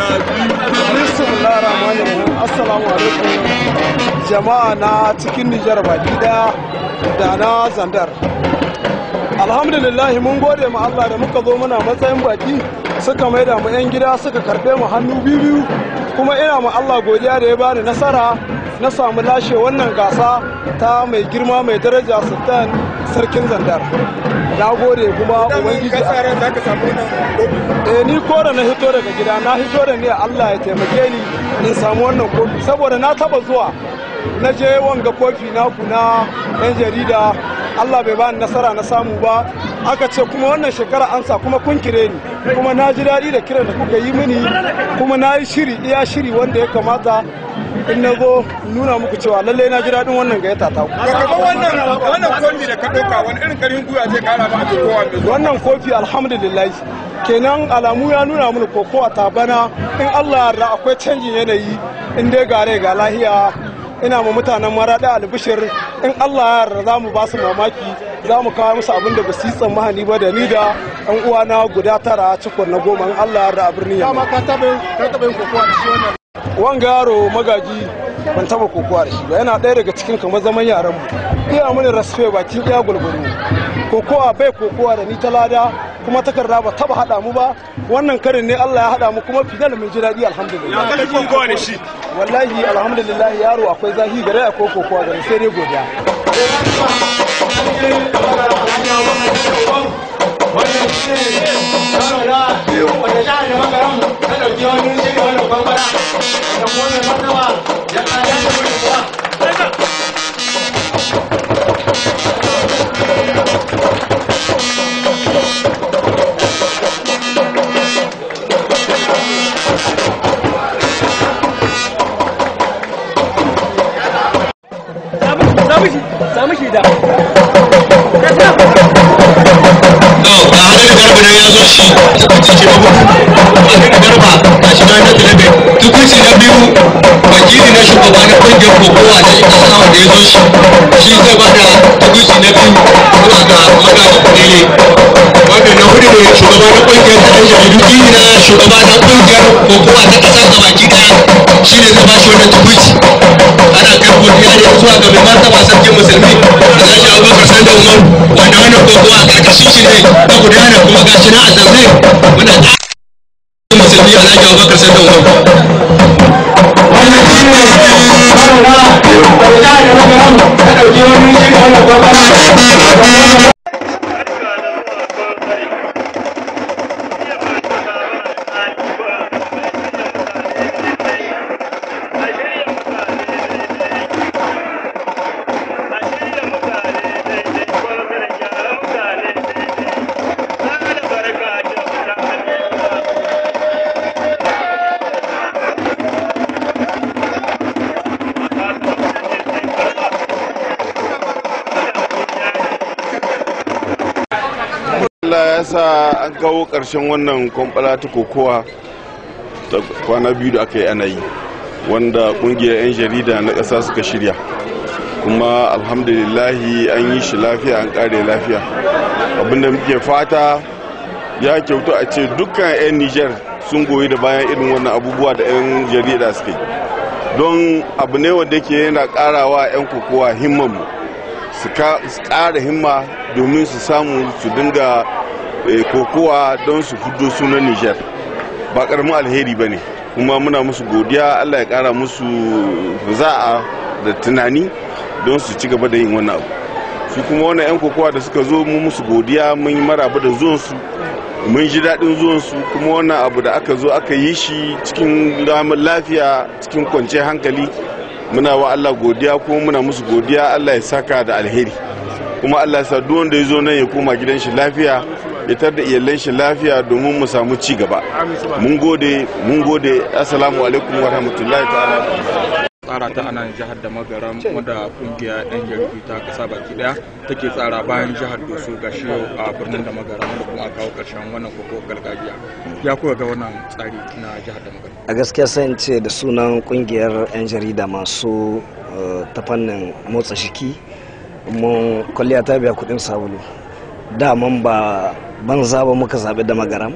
bismillah rahman rahim assalamu alaikum jama'a na cikin nijar baki daya da na zandar alhamdulillah mun gode ma allah da muka zo muna matsayin baki suka maida mu yan gida suka karbe mu hannu biyu kuma ina ma allah godiya da ya bani nasara na samu lashe wannan gasa ta mai girma mai daraja sultan sarkin zandar na gode kuma ubangiji eh ni kora na hito daga gida na hito da ni Allah ya taimake ni in samu wannan kofi saboda na taba zuwa na je wanga kofi naku na yan jarida allah bai bani nasara na samu ba aka ce kuma wannan shekara an sa kuma kun kire ni kuma na ji daɗi da kiran da kuka yi mini kuma na yi shiri iya shiri wanda ya kamata in na zo nuna muku cewa lallai na ji daɗin wannan ya ta ku. kama wannan wannan kofi da ka ɗauka wani irin karin guya zai ƙara ma a cikin Wannan kofi alhamdulillah kenan alamu ya nuna mini kokowa ta bana in Allah ya akwai canjin yanayi in dai gare ga lahiya ina ma mutanen maraɗi albishir in allah ya za mu ba su mamaki za mu kawo musu abin da ba su yi tsammani ba da ni da yan uwana guda tara cikon na goma in allah ya a birnin yamma wanga yaro magaji ban taba kokowa da shi ba yana ɗaya daga cikin kamar zaman yaran mu iya mini rasfe bakin iya gulgulu kokowa bai kokowa da ni ta lada kuma takarda ba taba hada mu ba wannan karin ne Allah ya hada mu kuma fidal mun ji daɗi alhamdulillah ya kai kokowa da shi wallahi alhamdulillah yaro akwai zahi gare akwai kokowa gare sai dai godiya 我来，我来，我来，我来，家人们，兄们，来了，快来。兄弟们，快过来，来来来，兄弟们，来来来，来们，咱们，来们，来的。nan ya zo shi shi garba tashi na na biyu wakili na shugaba kungiyar kokowa da da ya zo shi shi zai ba da tukuci na biyu zuwa ga magaji kulele wanda na hudu ne kungiyar ta ɗan na kungiyar kokowa ta ƙasa baki ɗaya shi ne zai ba shi wannan ana kai zuwa ga mai musulmi abubakar sanda umar wanda wannan kokowa a ƙarƙashin shi ne gudana kuma na a zanzai muna musulmi abubakar sanda umar ta da wani wani an kawo ƙarshen wannan kwamfala ta kokowa ta kwana biyu da aka yi ana yi wanda ƙungiyar 'yan jarida na ƙasa suka shirya kuma alhamdulillahi an yi shi lafiya an ƙare lafiya abinda muke fata ya kyautu a ce dukkan 'yan niger sun goyi da bayan irin wannan abubuwa da 'yan jarida suke don abu ne wanda ke yana karawa 'yan kokowa himmanmu su kara himma domin su samu su dinga Eh, kokowa don su fito sunan nijar ba karamin alheri ba ne kuma muna musu godiya allah ya kara musu za'a da tunani don su ci gaba da yin wannan abu su kuma wannan 'yan kokowa da suka zo mu musu godiya mun yi maraba da zuwansu mun ji daɗin zuwansu kuma wannan abu da aka zo aka yi shi cikin ramar lafiya cikin kwance hankali muna wa allah godiya kuma muna musu godiya allah ya saka da alheri kuma allah ya sa duk wanda ya zo nan ya koma gidan shi lafiya fitar da iyalan shi lafiya domin mu samu ci gaba mun gode mun gode assalamu alaikum wa rahmatullahi ta'ala tsara ta a nan jihar da magaram wadda kungiya yan jaridu ta kasa baki daya take tsara bayan jihar doso ga shi a birnin da magaram da kuma kawo karshen wannan koko gargajiya ya kuwa ga wannan tsari na jihar da magaram a gaskiya sayan ce da sunan kungiyar yan jarida masu eh, ta fannin motsa shiki mun kwalliya ta biya kudin sabulu daman ba ban zaba muka zaɓi da magaram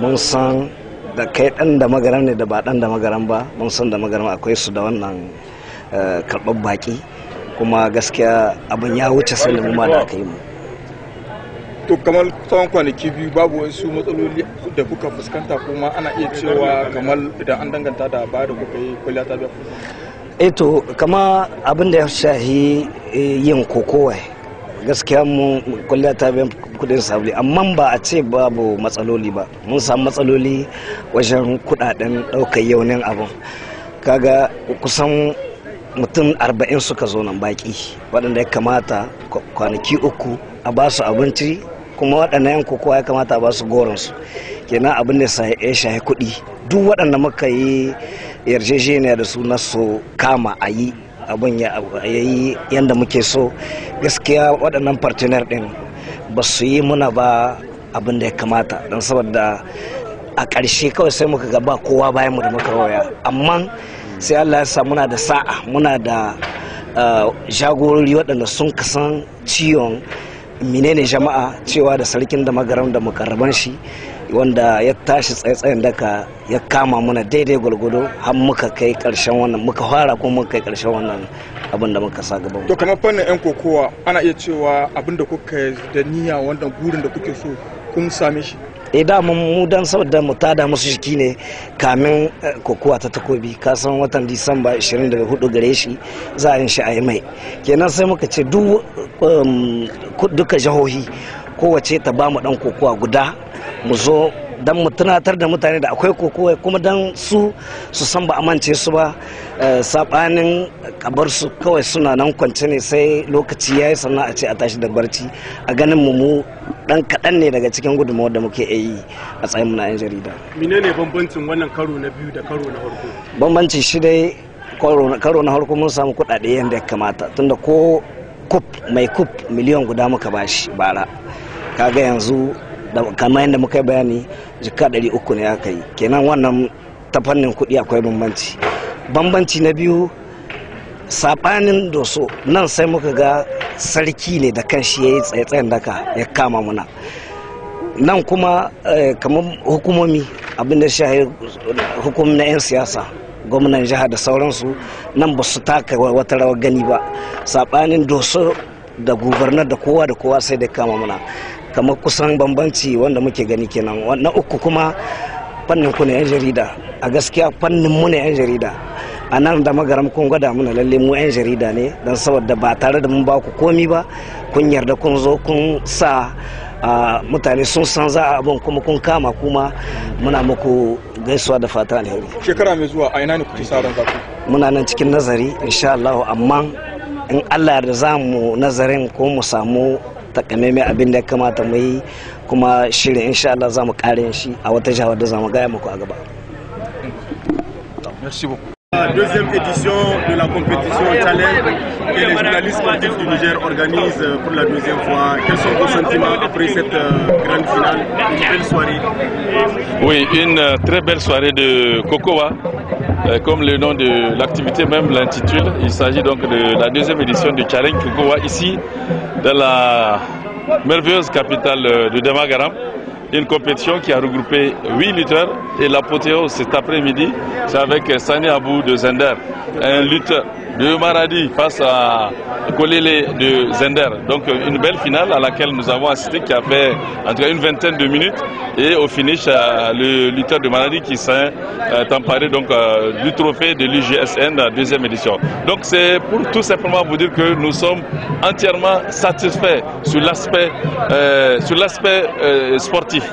mun san da kai ɗan da magaram ne da ba ɗan da magaram ba mun san da magaram akwai su da wannan eh, karɓar baƙi kuma gaskiya abin ya wuce salimu ma da aka yi mu to kamar tsawon kwanaki biyu babu wasu matsaloli da kuka fuskanta kuma ana iya cewa kamar idan an danganta da baya da kuka yi kwalliya ta biya eto eh kama abin da ya shahi eh, yin kokowa gaskiya mu kwalliya ta biya kudin sabuli amma ba a ce babu matsaloli ba mun samu matsaloli wajen kudaden daukar yaunin abin kaga kusan mutum arba'in suka zo nan baki waɗanda ya kamata kwanaki uku a ba su abinci kuma waɗannan yan kokowa ya kamata a ba su goronsu kenan abin da ya shahi kuɗi duk waɗanda muka yi yarjejeniya da su na so kama a yi abin ya yi yadda muke so gaskiya waɗannan partner ɗin ba su yi muna ba abin da ya kamata don saboda a ƙarshe kawai sai muka ga ba kowa bayan mu da muka waya amma sai allah ya sa muna da sa'a muna da eh, jagorori waɗanda sun kasan ciwon menene jama'a cewa da sarkin da magaram da mukarraban shi wanda ya tashi tsaitsayin daka ya kama muna daidai gwargwado har muka kai karshen wannan muka fara kuma muka kai karshen wannan abin da muka sa gaba to kamar fannin yan kokowa ana iya cewa abin da kuka da niyya wanda gurin da kuke so kun same shi e da mu dan saboda mu ta da musu shiki ne kamin eh, kokowa ta takobi ka san watan disamba 24 gare shi za a yin shi a yi mai kenan sai muka ce um, duka jihohi kowace ta ba mu dan kokowa guda mu zo don mu tunatar da mutane da akwai kokowa kuma don su su san ba amince su ba eh, saɓanin kabar su kawai suna nan kwance ne sai lokaci ya yi sannan a ce a tashi da barci a ganin mu dan kaɗan ne daga cikin gudunmawar da muke yi a tsayin na 'yan jarida. menene bambancin wannan karo na biyu da karo na farko? bambanci shi dai karo na farko mun samu kuɗaɗe yadda ya kamata tunda ko kup mai kup miliyan guda muka bashi bara kaga yanzu kamar yadda muka yi bayani jika uku ne aka yi kenan wannan ta fannin kuɗi akwai bambanci bambanci na biyu saɓanin doso nan sai muka ga sarki ne da shi ya yi tsaye-tsayen daka ya kama muna nan kuma eh, kamar hukumomi abinda shahi hukumomi na 'yan siyasa gwamnan jiha da sauransu nan ba su taka wata rawar gani ba saɓanin doso da gubernar da kowa da kowa sai da kama muna kamar kusan bambanci wanda muke gani kenan na uku kuma fannin ku na 'yan jarida a gaskiya fannin mu na 'yan jarida a nan da magaram kun gwada muna lalle mu 'yan jarida ne don saboda ba tare da mun ba ku komi ba kun yarda kun zo kun sa mutane sun san za a abin kuma kun kama kuma muna muku gaisuwa da fata alheri shekara mai zuwa a ina ne kuke sa zaku muna nan cikin nazari insha Allah amma in Allah da za mu nazarin ko mu samu Merci beaucoup. La deuxième édition de la compétition italienne que les journalistes sportifs du Niger organisent pour la deuxième fois. Quels sont vos sentiments après cette euh, grande finale Une belle soirée. Oui, une euh, très belle soirée de Cocoa euh, comme le nom de l'activité même l'intitule, il s'agit donc de la deuxième édition de Challenge Kukowa ici, dans la merveilleuse capitale euh, de Demagaram. Une compétition qui a regroupé 8 lutteurs et l'apothéose cet après-midi, c'est avec euh, Sani Abou de Zender, un lutteur de Maradi face à coller les de Zender. Donc euh, une belle finale à laquelle nous avons assisté qui a fait en tout cas une vingtaine de minutes et au finish euh, le lutteur de maladie qui s'est euh, emparé donc du trophée de l'UGSN la deuxième édition. Donc c'est pour tout simplement vous dire que nous sommes entièrement satisfaits sur l'aspect sportif.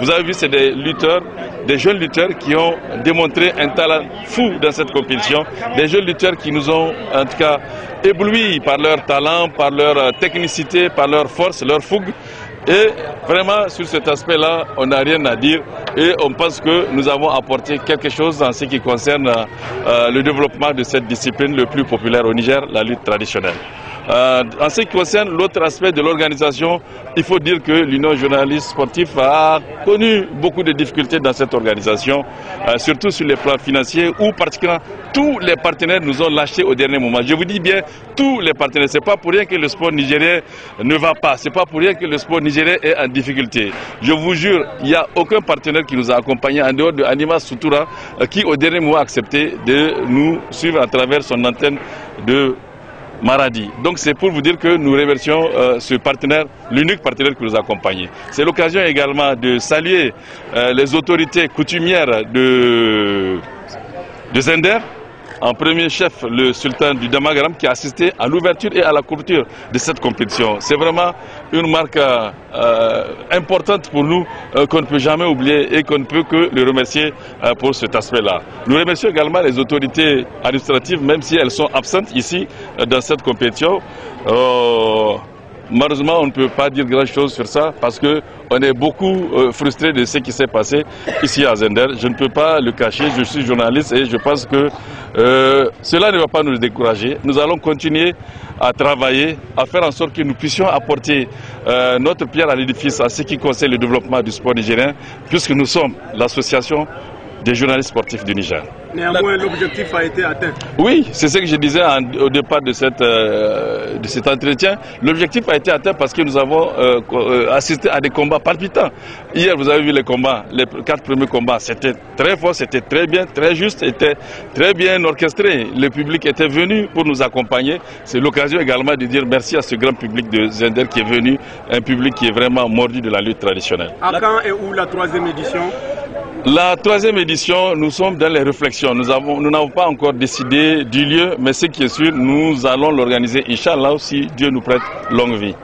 Vous avez vu c'est des lutteurs des jeunes lutteurs qui ont démontré un talent fou dans cette compétition, des jeunes lutteurs qui nous ont en tout cas éblouis par par leur talent, par leur euh, technicité, par leur force, leur fougue. Et vraiment, sur cet aspect-là, on n'a rien à dire et on pense que nous avons apporté quelque chose en ce qui concerne euh, euh, le développement de cette discipline le plus populaire au Niger, la lutte traditionnelle. Euh, en ce qui concerne l'autre aspect de l'organisation, il faut dire que l'Union journaliste Sportif a connu beaucoup de difficultés dans cette organisation, euh, surtout sur les plans financiers où particulièrement tous les partenaires nous ont lâchés au dernier moment. Je vous dis bien, tous les partenaires. ce n'est pas pour rien que le sport nigérien ne va pas. ce n'est pas pour rien que le sport nigérien est en difficulté. Je vous jure, il n'y a aucun partenaire qui nous a accompagnés en dehors de Anima Soutoura euh, qui au dernier moment a accepté de nous suivre à travers son antenne de Maradi. Donc c'est pour vous dire que nous remercions euh, ce partenaire, l'unique partenaire qui nous accompagne. C'est l'occasion également de saluer euh, les autorités coutumières de, de Zender, en premier chef le sultan du Damagaram qui a assisté à l'ouverture et à la couverture de cette compétition. C'est vraiment une marque euh, importante pour nous euh, qu'on ne peut jamais oublier et qu'on ne peut que le remercier euh, pour cet aspect-là. Nous remercions également les autorités administratives, même si elles sont absentes ici dans cette compétition. Malheureusement, on ne peut pas dire grand-chose sur ça parce qu'on est beaucoup euh, frustré de ce qui s'est passé ici à Zender. Je ne peux pas le cacher, je suis journaliste et je pense que euh, cela ne va pas nous décourager. Nous allons continuer à travailler, à faire en sorte que nous puissions apporter euh, notre pierre à l'édifice à ce qui concerne le développement du sport nigérien puisque nous sommes l'association des journalistes sportifs du Niger. Néanmoins, l'objectif a été atteint. Oui, c'est ce que je disais au départ euh, de, cet entretien. L'objectif a été atteint parce que nous avons euh, euh, assisté à des combats palpitants. Hier, vous avez vu les combats, les quatre premiers combats. C'était très fort, c'était très bien, très juste, c'était très bien orchestré. Le public était venu pour nous accompagner. C'est l'occasion également de dire merci à ce grand public de Zender qui est venu, un public qui est vraiment mordu de la lutte traditionnelle. À quand et où la troisième édition la troisième édition, nous sommes dans les réflexions. Nous n'avons pas encore décidé du lieu, mais ce qui est sûr, nous allons l'organiser, Inch'Allah, aussi, Dieu nous prête longue vie.